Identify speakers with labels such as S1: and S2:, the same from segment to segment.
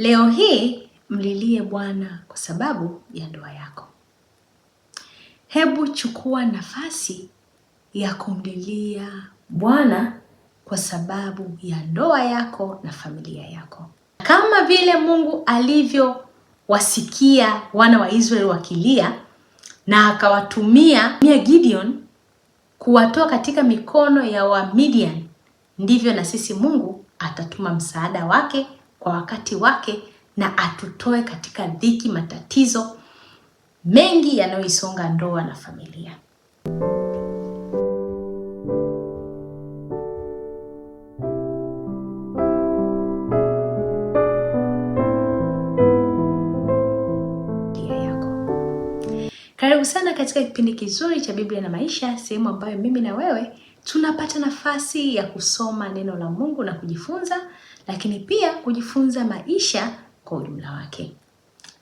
S1: Leo hii mlilie Bwana kwa sababu ya ndoa yako. Hebu chukua nafasi ya kumlilia Bwana kwa sababu ya ndoa yako na familia yako, kama vile Mungu alivyowasikia wana wa Israeli wakilia na akawatumia Gideon kuwatoa katika mikono ya Wamidian, ndivyo na sisi Mungu atatuma msaada wake kwa wakati wake na atutoe katika dhiki, matatizo mengi yanayoisonga ndoa na familia. Karibu sana katika kipindi kizuri cha Biblia na Maisha, sehemu ambayo mimi na wewe tunapata nafasi ya kusoma neno la Mungu na kujifunza lakini pia kujifunza maisha kwa ujumla wake.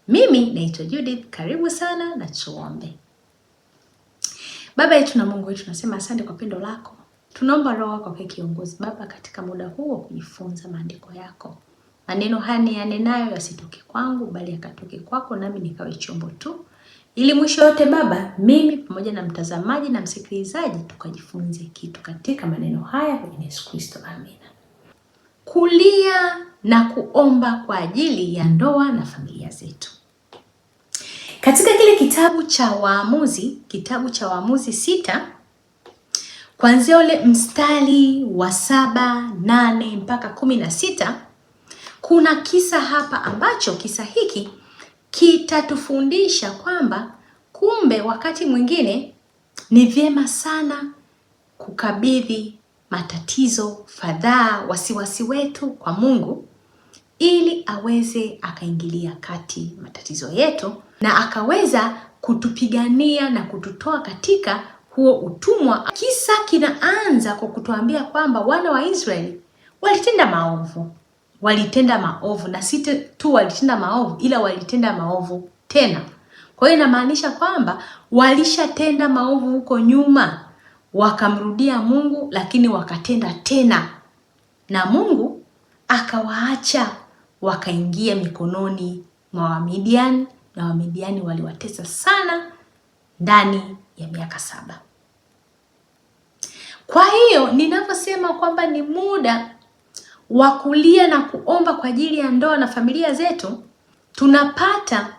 S1: Mimi naitwa Judith, karibu sana na tuombe. Baba yetu na Mungu wetu, tunasema asante kwa pendo lako. Tunaomba Roho wako kwa kiongozi Baba katika muda huu wa kujifunza maandiko yako. Maneno haya niyanenayo yasitoke kwangu, bali yakatoke kwako, nami nikawe chombo tu, ili mwisho yote Baba, mimi pamoja na mtazamaji na msikilizaji tukajifunze kitu katika maneno haya. Kwa Yesu Kristo, amina kulia na kuomba kwa ajili ya ndoa na familia zetu. Katika kile kitabu cha Waamuzi, kitabu cha Waamuzi sita kuanzia ule mstari wa saba nane mpaka kumi na sita kuna kisa hapa ambacho kisa hiki kitatufundisha kwamba kumbe wakati mwingine ni vyema sana kukabidhi matatizo, fadhaa, wasiwasi wetu kwa Mungu ili aweze akaingilia kati matatizo yetu na akaweza kutupigania na kututoa katika huo utumwa. Kisa kinaanza kwa kutuambia kwamba wana wa Israeli walitenda maovu, walitenda maovu na si tu walitenda maovu, ila walitenda maovu tena. Kwa hiyo inamaanisha kwamba walishatenda maovu huko nyuma wakamrudia Mungu, lakini wakatenda tena, na Mungu akawaacha wakaingia mikononi mwa Wamidiani, na Wamidiani waliwatesa sana ndani ya miaka saba. Kwa hiyo ninavyosema kwamba ni muda wa kulia na kuomba kwa ajili ya ndoa na familia zetu, tunapata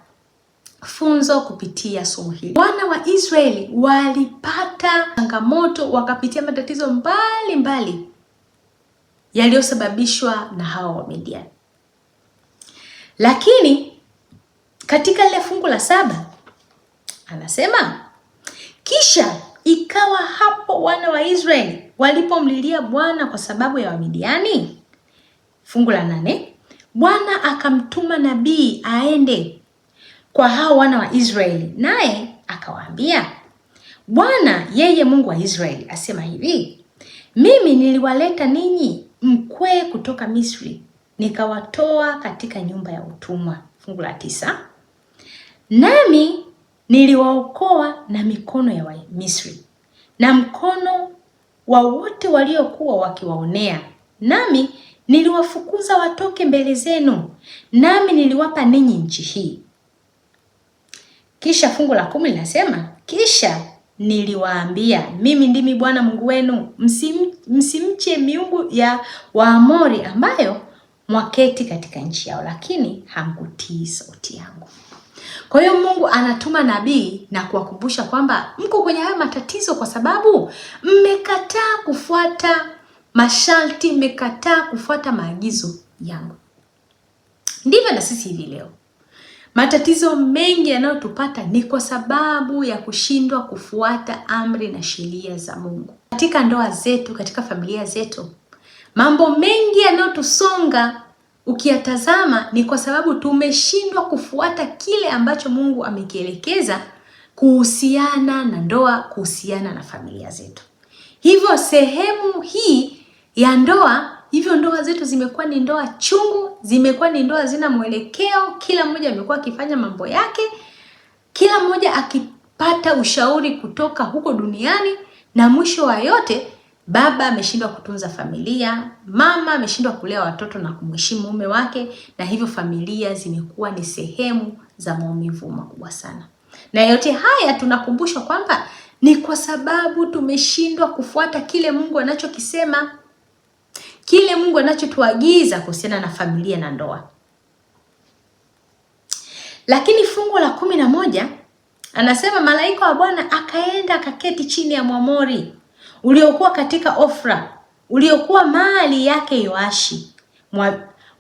S1: funzo kupitia somo hili. Wana wa Israeli walipata changamoto, wakapitia matatizo mbalimbali yaliyosababishwa na hawa wa Midian, lakini katika lile fungu la saba anasema kisha ikawa hapo wana wa Israeli walipomlilia Bwana kwa sababu ya Wamidiani, fungu la nane, Bwana akamtuma nabii aende kwa hao wana wa Israeli, naye akawaambia, Bwana yeye Mungu wa Israeli asema hivi, mimi niliwaleta ninyi mkwee kutoka Misri, nikawatoa katika nyumba ya utumwa. Fungu la tisa, nami niliwaokoa na mikono ya Wamisri na mkono wa wote waliokuwa wakiwaonea, nami niliwafukuza watoke mbele zenu, nami niliwapa ninyi nchi hii kisha fungu la kumi linasema kisha niliwaambia mimi ndimi Bwana Mungu wenu, msimche msimche miungu ya Waamori ambayo mwaketi katika nchi yao, lakini hamkutii sauti yangu. Kwa hiyo Mungu anatuma nabii na kuwakumbusha kwamba mko kwenye haya matatizo kwa sababu mmekataa kufuata masharti, mmekataa kufuata maagizo yangu. Ndivyo na sisi hivi leo Matatizo mengi yanayotupata ni kwa sababu ya kushindwa kufuata amri na sheria za Mungu. Katika ndoa zetu, katika familia zetu, mambo mengi yanayotusonga ukiyatazama ni kwa sababu tumeshindwa kufuata kile ambacho Mungu amekielekeza kuhusiana na ndoa, kuhusiana na familia zetu. Hivyo sehemu hii ya ndoa Hivyo ndoa zetu zimekuwa ni ndoa chungu, zimekuwa ni ndoa zina mwelekeo, kila mmoja amekuwa akifanya mambo yake, kila mmoja akipata ushauri kutoka huko duniani, na mwisho wa yote baba ameshindwa kutunza familia, mama ameshindwa kulea watoto na kumheshimu mume wake, na hivyo familia zimekuwa ni sehemu za maumivu makubwa sana. Na yote haya tunakumbushwa kwamba ni kwa sababu tumeshindwa kufuata kile Mungu anachokisema kile Mungu anachotuagiza kuhusiana na familia na ndoa. Lakini fungu la kumi na moja anasema malaika wa Bwana akaenda akaketi chini ya mwamori uliokuwa katika Ofra uliokuwa mali yake Yoashi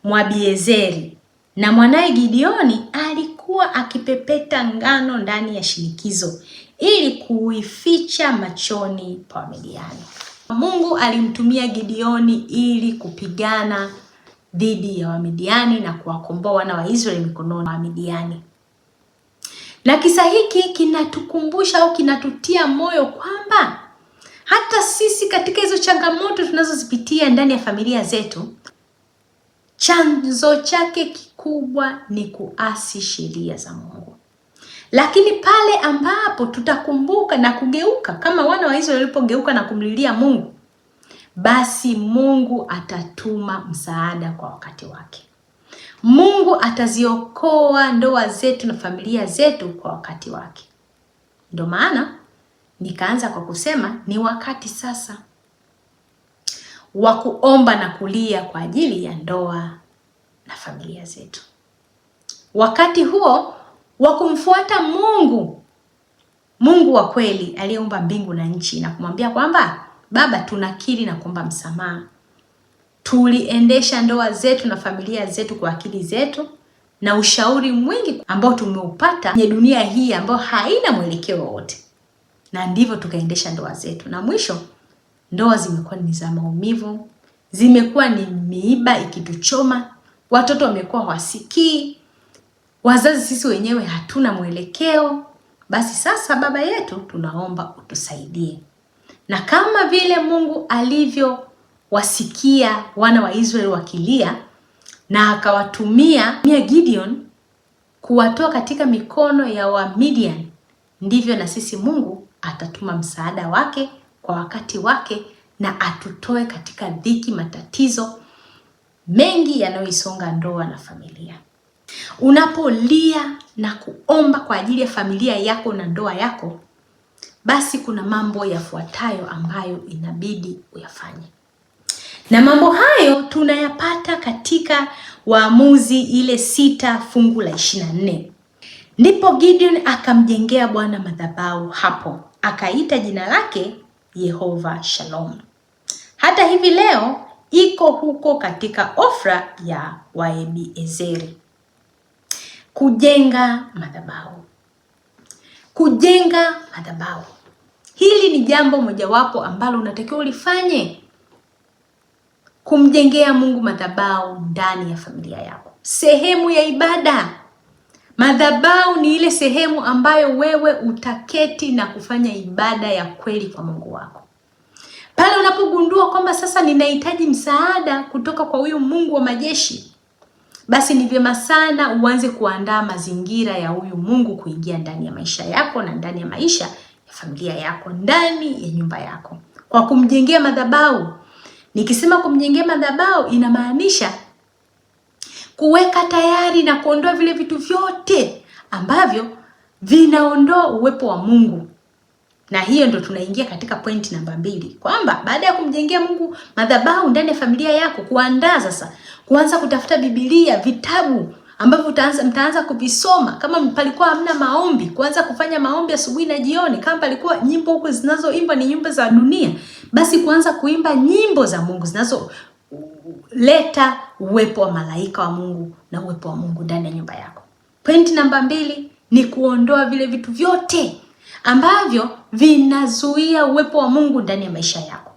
S1: Mwabiezeri na mwanaye Gideoni alikuwa akipepeta ngano ndani ya shinikizo ili kuificha machoni pa Midiani. Mungu alimtumia Gideoni ili kupigana dhidi ya Wamidiani na kuwakomboa wana wa Israeli mikononi wa Wamidiani. Na kisa hiki kinatukumbusha au kinatutia moyo kwamba hata sisi katika hizo changamoto tunazozipitia ndani ya familia zetu, chanzo chake kikubwa ni kuasi sheria za Mungu. Lakini pale ambapo tutakumbuka na kugeuka kama wana wa Israeli walipogeuka na kumlilia Mungu, basi Mungu atatuma msaada kwa wakati wake. Mungu ataziokoa ndoa zetu na familia zetu kwa wakati wake. Ndio maana nikaanza kwa kusema ni wakati sasa wa kuomba na kulia kwa ajili ya ndoa na familia zetu. Wakati huo wa kumfuata Mungu, Mungu wa kweli aliyeumba mbingu na nchi, na kumwambia kwamba Baba, tunakiri na kuomba msamaha, tuliendesha ndoa zetu na familia zetu kwa akili zetu na ushauri mwingi ambao tumeupata kwenye dunia hii ambayo haina mwelekeo wowote, na ndivyo tukaendesha ndoa zetu, na mwisho ndoa zimekuwa ni za maumivu, zimekuwa ni miiba ikituchoma, watoto wamekuwa wasikii Wazazi sisi wenyewe hatuna mwelekeo, basi sasa Baba yetu tunaomba utusaidie. Na kama vile Mungu alivyowasikia wana wa Israeli wakilia na akawatumia mia Gideon kuwatoa katika mikono ya Midian, ndivyo na sisi Mungu atatuma msaada wake kwa wakati wake na atutoe katika dhiki, matatizo mengi yanayoisonga ndoa na familia. Unapolia na kuomba kwa ajili ya familia yako na ndoa yako, basi kuna mambo yafuatayo ambayo inabidi uyafanye, na mambo hayo tunayapata katika Waamuzi ile sita fungu la ishirini na nne. Ndipo Gideon akamjengea Bwana madhabahu hapo, akaita jina lake Yehova Shalom. Hata hivi leo iko huko katika Ofra ya Waebiezeri kujenga madhabahu. Kujenga madhabahu, hili ni jambo mojawapo ambalo unatakiwa ulifanye, kumjengea Mungu madhabahu ndani ya familia yako, sehemu ya ibada. Madhabahu ni ile sehemu ambayo wewe utaketi na kufanya ibada ya kweli kwa Mungu wako. Pale unapogundua kwamba sasa ninahitaji msaada kutoka kwa huyu Mungu wa majeshi basi ni vyema sana uanze kuandaa mazingira ya huyu Mungu kuingia ndani ya maisha yako na ndani ya maisha ya familia yako, ndani ya nyumba yako, kwa kumjengea madhabahu. Nikisema kumjengea madhabahu, inamaanisha kuweka tayari na kuondoa vile vitu vyote ambavyo vinaondoa uwepo wa Mungu na hiyo ndo tunaingia katika point namba mbili, kwamba baada ya kumjengea Mungu madhabahu ndani ya familia yako, kuandaa sasa, kuanza kutafuta Biblia, vitabu ambavyo utaanza mtaanza kuvisoma. Kama palikuwa hamna maombi, kuanza kufanya maombi asubuhi na jioni. Kama palikuwa nyimbo huko zinazoimba ni nyimbo za dunia, basi kuanza kuimba nyimbo za Mungu zinazo leta uwepo wa malaika wa Mungu na uwepo wa Mungu ndani ya nyumba yako. Point namba mbili ni kuondoa vile vitu vyote ambavyo vinazuia uwepo wa Mungu ndani ya maisha yako.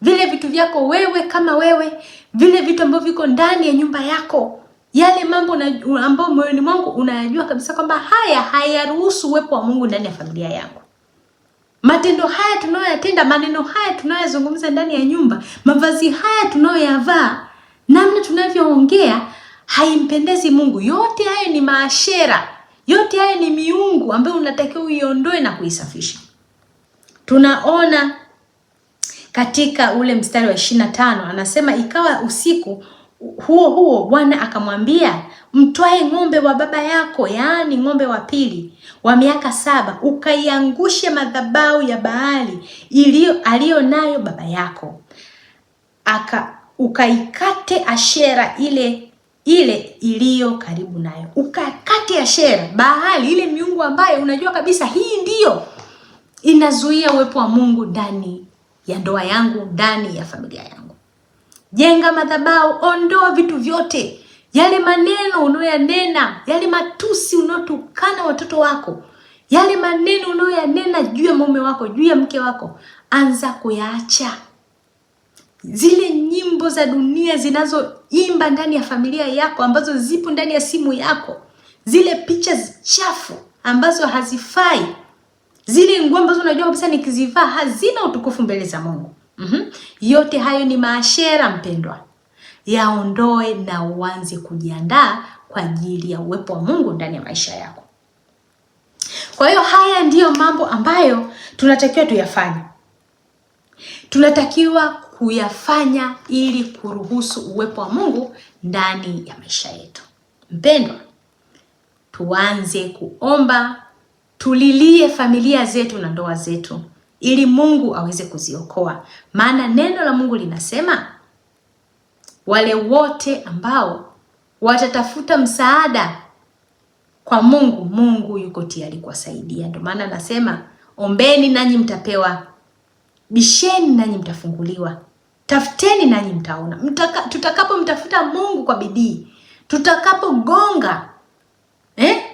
S1: Vile vitu vyako wewe kama wewe, vile vitu ambavyo viko ndani ya nyumba yako, yale mambo ambayo moyoni mwangu unayajua kabisa kwamba haya hayaruhusu uwepo wa Mungu ndani ya familia yangu. Matendo haya tunayoyatenda, maneno haya tunayoyazungumza ndani ya nyumba, mavazi haya tunayoyavaa, namna tunavyoongea haimpendezi Mungu. Yote hayo ni maashera yote haya ni miungu ambayo unatakiwa uiondoe na kuisafisha. Tunaona katika ule mstari wa ishirini na tano anasema ikawa usiku huo huo Bwana akamwambia, mtwae ng'ombe wa baba yako, yaani ng'ombe wa pili wa miaka saba, ukaiangushe madhabahu ya Baali iliyo aliyo nayo baba yako, aka ukaikate ashera ile ile iliyo karibu nayo, ukakati ya shera bahali ile miungu ambayo unajua kabisa hii ndiyo inazuia uwepo wa Mungu ndani ya ndoa yangu, ndani ya familia yangu. Jenga madhabahu, ondoa vitu vyote, yale maneno unayoyanena, yale matusi unayotukana watoto wako, yale maneno unayoyanena juu ya mume wako, juu ya mke wako, anza kuyaacha zile nyimbo za dunia zinazoimba ndani ya familia yako ambazo zipo ndani ya simu yako, zile picha chafu ambazo hazifai, zile nguo ambazo unajua kabisa nikizivaa hazina utukufu mbele za Mungu. Mm -hmm. Yote hayo ni maashera mpendwa, yaondoe na uanze kujiandaa kwa ajili ya uwepo wa Mungu ndani ya maisha yako. Kwa hiyo haya ndiyo mambo ambayo tunatakiwa tuyafanye. Tunatakiwa kuyafanya ili kuruhusu uwepo wa Mungu ndani ya maisha yetu. Mpendwa, tuanze kuomba, tulilie familia zetu na ndoa zetu ili Mungu aweze kuziokoa, maana neno la Mungu linasema wale wote ambao watatafuta msaada kwa Mungu, Mungu yuko tayari kuwasaidia. Ndio maana nasema ombeni nanyi mtapewa Bisheni nanyi mtafunguliwa, tafuteni nanyi mtaona. Mtaka, tutakapomtafuta Mungu kwa bidii, tutakapogonga eh?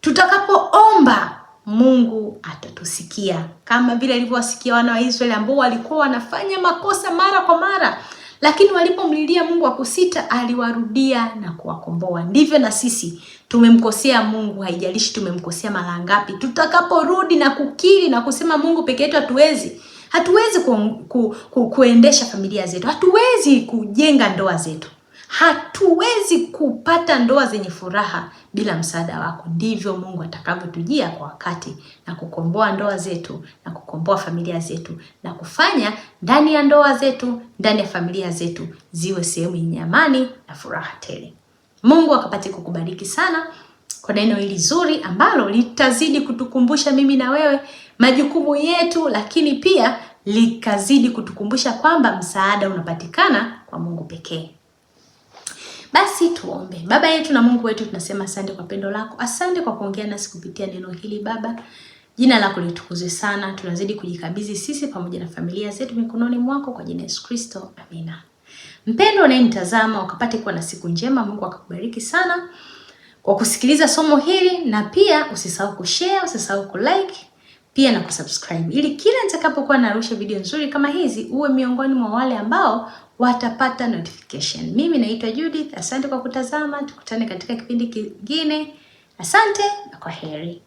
S1: tutakapoomba Mungu atatusikia kama vile alivyowasikia wana wa Israeli ambao walikuwa wanafanya makosa mara kwa mara, lakini walipomlilia Mungu akusita, aliwarudia na kuwakomboa. Ndivyo na sisi tumemkosea Mungu, haijalishi tumemkosea mara ngapi, tutakaporudi na kukiri na kusema Mungu peke yetu hatuwezi hatuwezi ku, ku, ku, kuendesha familia zetu, hatuwezi kujenga ndoa zetu, hatuwezi kupata ndoa zenye furaha bila msaada wako. Ndivyo Mungu atakavyotujia kwa wakati na kukomboa ndoa zetu na kukomboa familia zetu na kufanya ndani ya ndoa zetu, ndani ya familia zetu ziwe sehemu yenye amani na furaha tele. Mungu akapate kukubariki sana kwa neno hili zuri ambalo litazidi kutukumbusha mimi na wewe majukumu yetu, lakini pia likazidi kutukumbusha kwamba msaada unapatikana kwa Mungu pekee. Basi tuombe. Baba yetu na Mungu wetu, tunasema asante kwa pendo lako, asante kwa kuongea nasi kupitia neno hili. Baba, jina lako litukuzwe sana. Tunazidi kujikabidhi sisi pamoja na familia zetu mikononi mwako, kwa jina Yesu Kristo, amina. Mpendo unayenitazama, ukapate kuwa na siku njema. Mungu akakubariki sana kwa kusikiliza somo hili, na pia usisahau kushare, usisahau kulike pia na kusubscribe ili kila nitakapokuwa narusha video nzuri kama hizi uwe miongoni mwa wale ambao watapata notification. Mimi naitwa Judith, asante kwa kutazama, tukutane katika kipindi kingine. Asante na kwa heri.